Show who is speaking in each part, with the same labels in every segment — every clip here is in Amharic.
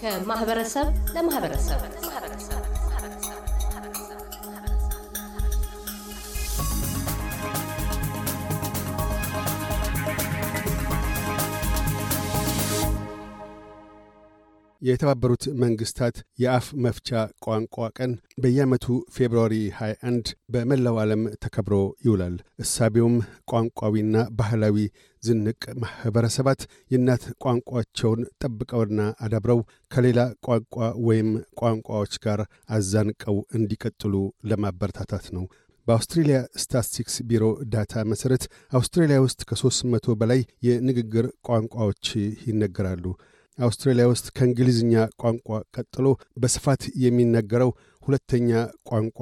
Speaker 1: ከማህበረሰብ ለማህበረሰብ የተባበሩት መንግስታት የአፍ መፍቻ ቋንቋ ቀን በየዓመቱ ፌብርዋሪ 21 በመላው ዓለም ተከብሮ ይውላል። እሳቤውም ቋንቋዊና ባህላዊ ዝንቅ ማኅበረሰባት የእናት ቋንቋቸውን ጠብቀውና አዳብረው ከሌላ ቋንቋ ወይም ቋንቋዎች ጋር አዛንቀው እንዲቀጥሉ ለማበረታታት ነው። በአውስትሬልያ ስታትስቲክስ ቢሮ ዳታ መሠረት አውስትሬልያ ውስጥ ከ300 በላይ የንግግር ቋንቋዎች ይነገራሉ። አውስትሬልያ ውስጥ ከእንግሊዝኛ ቋንቋ ቀጥሎ በስፋት የሚነገረው ሁለተኛ ቋንቋ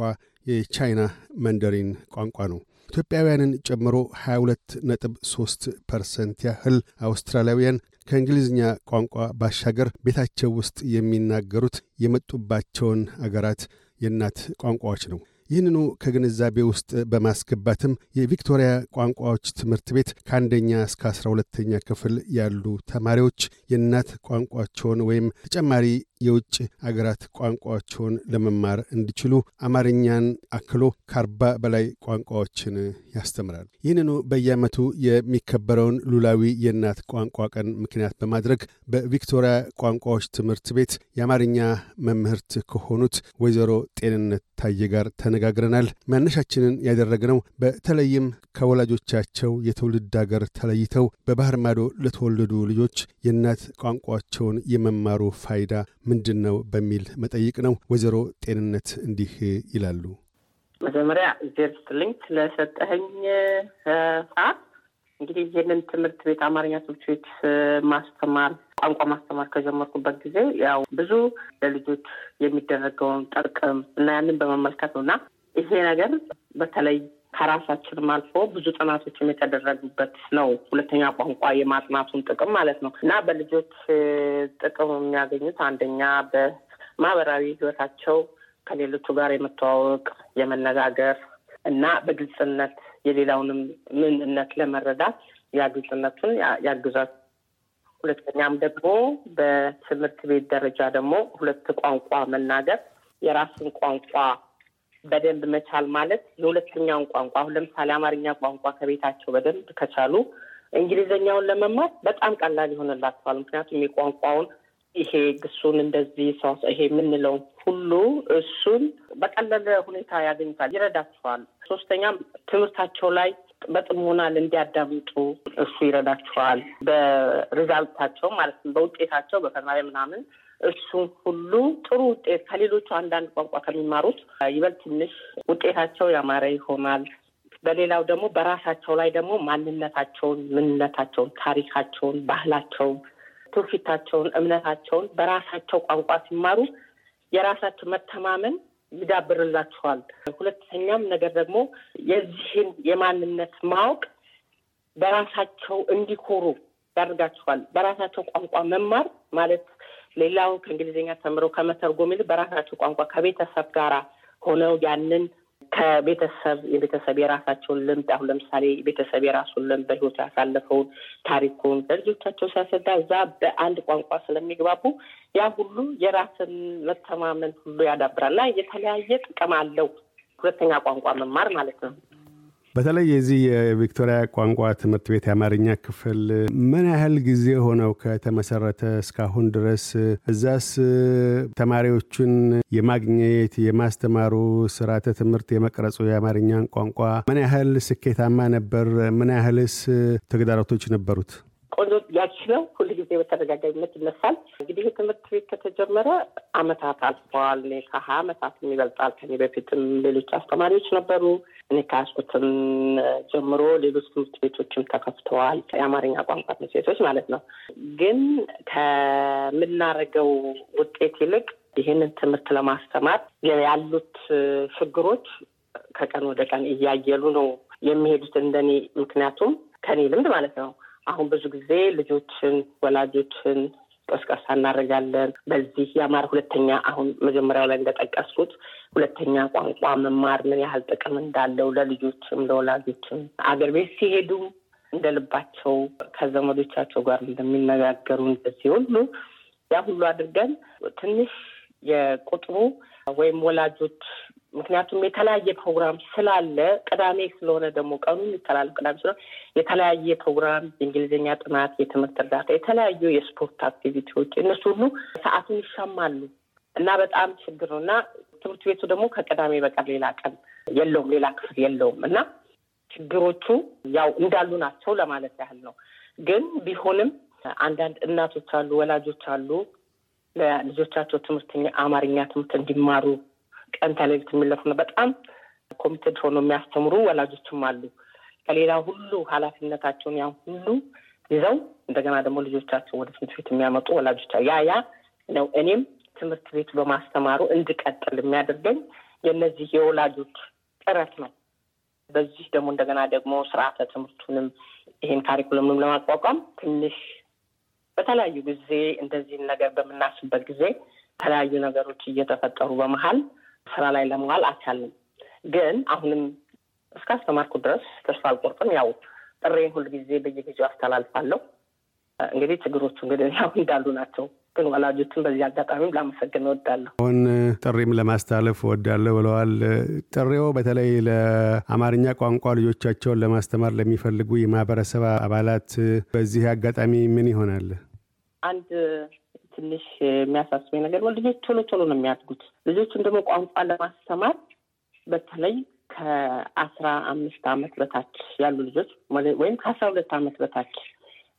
Speaker 1: የቻይና መንደሪን ቋንቋ ነው። ኢትዮጵያውያንን ጨምሮ 22.3 ፐርሰንት ያህል አውስትራሊያውያን ከእንግሊዝኛ ቋንቋ ባሻገር ቤታቸው ውስጥ የሚናገሩት የመጡባቸውን አገራት የእናት ቋንቋዎች ነው። ይህንኑ ከግንዛቤ ውስጥ በማስገባትም የቪክቶሪያ ቋንቋዎች ትምህርት ቤት ከአንደኛ እስከ አስራ ሁለተኛ ክፍል ያሉ ተማሪዎች የእናት ቋንቋቸውን ወይም ተጨማሪ የውጭ አገራት ቋንቋቸውን ለመማር እንዲችሉ አማርኛን አክሎ ከአርባ በላይ ቋንቋዎችን ያስተምራል። ይህንኑ በየዓመቱ የሚከበረውን ሉላዊ የእናት ቋንቋ ቀን ምክንያት በማድረግ በቪክቶሪያ ቋንቋዎች ትምህርት ቤት የአማርኛ መምህርት ከሆኑት ወይዘሮ ጤንነት ታዬ ጋር ተነጋግረናል። መነሻችንን ያደረግነው በተለይም ከወላጆቻቸው የትውልድ አገር ተለይተው በባህር ማዶ ለተወለዱ ልጆች የእናት ቋንቋቸውን የመማሩ ፋይዳ ምንድን ነው በሚል መጠይቅ ነው። ወይዘሮ ጤንነት እንዲህ ይላሉ።
Speaker 2: መጀመሪያ እግዜር ስለሰጠኸኝ ሰዓት። እንግዲህ ይህንን ትምህርት ቤት አማርኛ ትምህርት ቤት ማስተማር ቋንቋ ማስተማር ከጀመርኩበት ጊዜ ያው ብዙ ለልጆች የሚደረገውን ጥቅም እና ያንን በመመልከት ነው እና ይሄ ነገር በተለይ ከራሳችንም አልፎ ብዙ ጥናቶችም የተደረጉበት ነው። ሁለተኛ ቋንቋ የማጥናቱን ጥቅም ማለት ነው እና በልጆች ጥቅም የሚያገኙት አንደኛ በማህበራዊ ሕይወታቸው ከሌሎቹ ጋር የመተዋወቅ የመነጋገር እና በግልጽነት የሌላውንም ምንነት ለመረዳት ያ ግልጽነቱን ያግዛል ሁለተኛም ደግሞ በትምህርት ቤት ደረጃ ደግሞ ሁለት ቋንቋ መናገር የራስን ቋንቋ በደንብ መቻል ማለት የሁለተኛውን ቋንቋ አሁን ለምሳሌ አማርኛ ቋንቋ ከቤታቸው በደንብ ከቻሉ እንግሊዝኛውን ለመማር በጣም ቀላል ይሆንላቸዋል። ምክንያቱም የቋንቋውን ይሄ ግሱን እንደዚህ ሰው ይሄ የምንለው ሁሉ እሱን በቀለለ ሁኔታ ያገኙታል፣ ይረዳቸዋል። ሶስተኛም ትምህርታቸው ላይ በጥሞና እንዲያዳምጡ እሱ ይረዳቸዋል። በሪዛልታቸው ማለት ነው፣ በውጤታቸው በፈተና ላይ ምናምን እሱም ሁሉ ጥሩ ውጤት ከሌሎቹ አንዳንድ ቋንቋ ከሚማሩት ይበልጥ ትንሽ ውጤታቸው ያማረ ይሆናል። በሌላው ደግሞ በራሳቸው ላይ ደግሞ ማንነታቸውን፣ ምንነታቸውን፣ ታሪካቸውን፣ ባህላቸውን፣ ትውፊታቸውን፣ እምነታቸውን በራሳቸው ቋንቋ ሲማሩ የራሳቸው መተማመን ይዳብርላችኋል። ሁለተኛም ነገር ደግሞ የዚህን የማንነት ማወቅ በራሳቸው እንዲኮሩ ያደርጋችኋል። በራሳቸው ቋንቋ መማር ማለት ሌላው ከእንግሊዝኛ ተምረው ከመተርጎም ይልቅ በራሳቸው ቋንቋ ከቤተሰብ ጋራ ሆነው ያንን ከቤተሰብ የቤተሰብ የራሳቸውን ልምድ አሁን ለምሳሌ ቤተሰብ የራሱን ልምድ በህይወቱ ያሳለፈውን ታሪኩን ለልጆቻቸው ሲያስረዳ እዛ በአንድ ቋንቋ ስለሚግባቡ ያ ሁሉ የራስን መተማመን ሁሉ ያዳብራል እና የተለያየ ጥቅም አለው ሁለተኛ ቋንቋ መማር ማለት ነው።
Speaker 1: በተለይ የዚህ የቪክቶሪያ ቋንቋ ትምህርት ቤት የአማርኛ ክፍል ምን ያህል ጊዜ ሆነው ከተመሰረተ እስካሁን ድረስ? እዛስ ተማሪዎቹን የማግኘት የማስተማሩ ስርዓተ ትምህርት የመቅረጹ የአማርኛን ቋንቋ ምን ያህል ስኬታማ ነበር? ምን ያህልስ ተግዳሮቶች ነበሩት? ቆንጆ
Speaker 2: ጥያቄ ነው። ጊዜ በተደጋጋሚነት ይነሳል። እንግዲህ ትምህርት ቤት ከተጀመረ አመታት አልፈዋል። እኔ ከሀያ አመታት ይበልጣል። ከኔ በፊትም ሌሎች አስተማሪዎች ነበሩ። እኔ ከያዝኩትም ጀምሮ ሌሎች ትምህርት ቤቶችም ተከፍተዋል። የአማርኛ ቋንቋ ትምህርት ቤቶች ማለት ነው። ግን ከምናደርገው ውጤት ይልቅ ይህንን ትምህርት ለማስተማር ያሉት ችግሮች ከቀን ወደ ቀን እያየሉ ነው የሚሄዱት እንደኔ ምክንያቱም ከኔ ልምድ ማለት ነው አሁን ብዙ ጊዜ ልጆችን ወላጆችን ቀስቀሳ እናደርጋለን። በዚህ የአማር ሁለተኛ አሁን መጀመሪያው ላይ እንደጠቀስኩት ሁለተኛ ቋንቋ መማር ምን ያህል ጥቅም እንዳለው ለልጆችም ለወላጆችም አገር ቤት ሲሄዱ እንደ ልባቸው ከዘመዶቻቸው ጋር እንደሚነጋገሩ እንደዚህ ሁሉ ያ ሁሉ አድርገን ትንሽ የቁጥሩ ወይም ወላጆች ምክንያቱም የተለያየ ፕሮግራም ስላለ ቅዳሜ ስለሆነ ደግሞ ቀኑ የሚተላለፍ ቅዳሜ ስለሆነ የተለያየ ፕሮግራም የእንግሊዝኛ ጥናት፣ የትምህርት እርዳታ፣ የተለያዩ የስፖርት አክቲቪቲዎች እነሱ ሁሉ ሰዓቱን ይሻማሉ እና በጣም ችግር ነው እና ትምህርት ቤቱ ደግሞ ከቅዳሜ በቀር ሌላ ቀን የለውም፣ ሌላ ክፍል የለውም እና ችግሮቹ ያው እንዳሉ ናቸው ለማለት ያህል ነው። ግን ቢሆንም አንዳንድ እናቶች አሉ፣ ወላጆች አሉ ለልጆቻቸው ትምህርት አማርኛ ትምህርት እንዲማሩ ቀን ተሌሊት ነው። በጣም ኮሚትድ ሆኖ የሚያስተምሩ ወላጆችም አሉ። ከሌላ ሁሉ ኃላፊነታቸውን ያን ሁሉ ይዘው እንደገና ደግሞ ልጆቻቸው ወደ ትምህርት ቤት የሚያመጡ ወላጆች ያ ያ ነው እኔም ትምህርት ቤት በማስተማሩ እንድቀጥል የሚያደርገኝ የእነዚህ የወላጆች ጥረት ነው። በዚህ ደግሞ እንደገና ደግሞ ስርዓተ ትምህርቱንም ይሄን ካሪኩለምንም ለማቋቋም ትንሽ በተለያዩ ጊዜ እንደዚህን ነገር በምናስብበት ጊዜ የተለያዩ ነገሮች እየተፈጠሩ በመሀል ስራ ላይ ለመዋል አልቻልንም። ግን አሁንም እስከ አስተማርኩ ድረስ ተስፋ አልቆርጥም። ያው ጥሬን ሁልጊዜ በየጊዜው አስተላልፋለሁ። እንግዲህ ችግሮቹ እንግዲህ ያው እንዳሉ ናቸው። ግን ወላጆችን በዚህ አጋጣሚም ላመሰግን እወዳለሁ።
Speaker 1: አሁን ጥሪም ለማስተላለፍ እወዳለሁ ብለዋል። ጥሬው በተለይ ለአማርኛ ቋንቋ ልጆቻቸውን ለማስተማር ለሚፈልጉ የማህበረሰብ አባላት በዚህ አጋጣሚ ምን ይሆናል?
Speaker 2: አንድ ትንሽ የሚያሳስበኝ ነገር ልጆች ቶሎ ቶሎ ነው የሚያድጉት። ልጆችን ደግሞ ቋንቋ ለማስተማር በተለይ ከአስራ አምስት ዓመት በታች ያሉ ልጆች ወይም ከአስራ ሁለት ዓመት በታች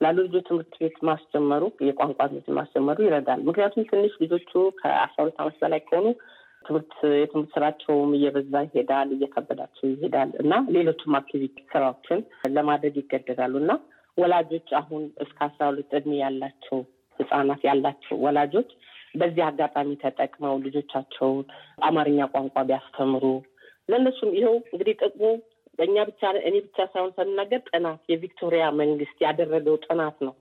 Speaker 2: ላሉ ልጆች ትምህርት ቤት ማስጀመሩ የቋንቋ ትምህርት ማስጀመሩ ይረዳል። ምክንያቱም ትንሽ ልጆቹ ከአስራ ሁለት ዓመት በላይ ከሆኑ ትምህርት የትምህርት ስራቸውም እየበዛ ይሄዳል፣ እየከበዳቸው ይሄዳል እና ሌሎችም አክቲቪቲ ስራዎችን ለማድረግ ይገደዳሉ እና ወላጆች አሁን እስከ አስራ ሁለት እድሜ ያላቸው ህጻናት ያላቸው ወላጆች በዚህ አጋጣሚ ተጠቅመው ልጆቻቸውን አማርኛ ቋንቋ ቢያስተምሩ ለእነሱም ይኸው እንግዲህ ጥቅሙ በእኛ ብቻ እኔ ብቻ ሳይሆን ስንናገር ጥናት የቪክቶሪያ መንግስት ያደረገው ጥናት ነው።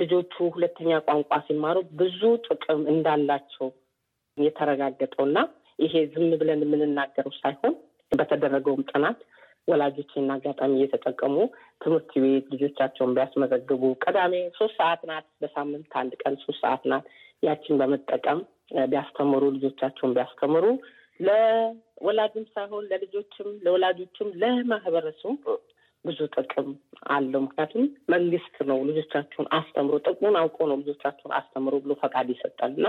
Speaker 2: ልጆቹ ሁለተኛ ቋንቋ ሲማሩ ብዙ ጥቅም እንዳላቸው የተረጋገጠው እና ይሄ ዝም ብለን የምንናገረው ሳይሆን በተደረገውም ጥናት ወላጆች እና አጋጣሚ እየተጠቀሙ ትምህርት ቤት ልጆቻቸውን ቢያስመዘግቡ ቅዳሜ ሶስት ሰዓት ናት፣ በሳምንት አንድ ቀን ሶስት ሰዓት ናት። ያችን በመጠቀም ቢያስተምሩ ልጆቻቸውን ቢያስተምሩ ለወላጅም ሳይሆን ለልጆችም ለወላጆችም ለማህበረሰቡ ብዙ ጥቅም አለው። ምክንያቱም መንግስት ነው ልጆቻችሁን አስተምሮ ጥቅሙን አውቆ ነው ልጆቻችሁን አስተምሮ ብሎ ፈቃድ ይሰጣል እና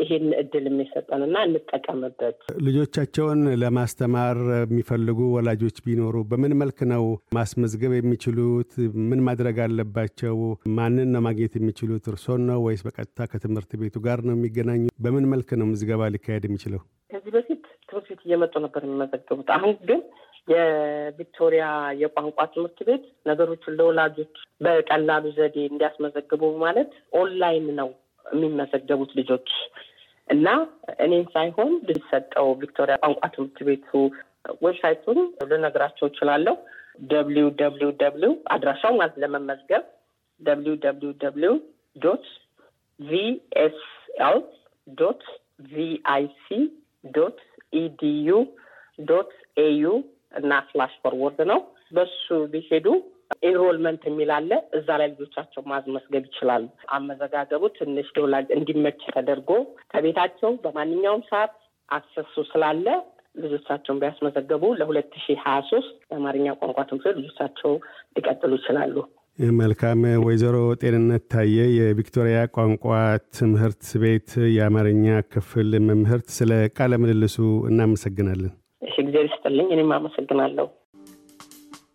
Speaker 2: ይሄን እድል የሚሰጠንና እንጠቀምበት።
Speaker 1: ልጆቻቸውን ለማስተማር የሚፈልጉ ወላጆች ቢኖሩ በምን መልክ ነው ማስመዝገብ የሚችሉት? ምን ማድረግ አለባቸው? ማንን ነው ማግኘት የሚችሉት? እርሶን ነው ወይስ በቀጥታ ከትምህርት ቤቱ ጋር ነው የሚገናኙ? በምን መልክ ነው ምዝገባ ሊካሄድ የሚችለው?
Speaker 2: ከዚህ በፊት ትምህርት ቤት እየመጡ ነበር የሚመዘገቡት። አሁን ግን የቪክቶሪያ የቋንቋ ትምህርት ቤት ነገሮችን ለወላጆች በቀላሉ ዘዴ እንዲያስመዘግቡ ማለት ኦንላይን ነው የሚመዘገቡት ልጆች እና እኔን ሳይሆን ልሰጠው ቪክቶሪያ ቋንቋ ትምህርት ቤቱ ዌብሳይቱን ልነግራቸው እችላለሁ። ደብሊው ደብሊው ደብሊው አድራሻው ማለት ለመመዝገብ ደብሊው ደብሊው ደብሊው ዶት ቪኤስኤል ዶት ቪአይሲ ዶት ኢዲዩ ዶት ኤዩ እና ስላሽ ፎርወርድ ነው። በሱ ቢሄዱ ኢንሮልመንት የሚል አለ። እዛ ላይ ልጆቻቸው ማስመዝገብ ይችላሉ። አመዘጋገቡ ትንሽ ዶላር እንዲመች ተደርጎ ከቤታቸው በማንኛውም ሰዓት አክሰሱ ስላለ ልጆቻቸውን ቢያስመዘገቡ ለሁለት ሺህ ሀያ ሶስት የአማርኛ ቋንቋ ትምህርት ልጆቻቸው ሊቀጥሉ ይችላሉ።
Speaker 1: መልካም። ወይዘሮ ጤንነት ታየ የቪክቶሪያ ቋንቋ ትምህርት ቤት የአማርኛ ክፍል መምህርት፣ ስለ ቃለ ምልልሱ እናመሰግናለን።
Speaker 2: እሺ፣ ጊዜ ይስጥልኝ። እኔም አመሰግናለሁ።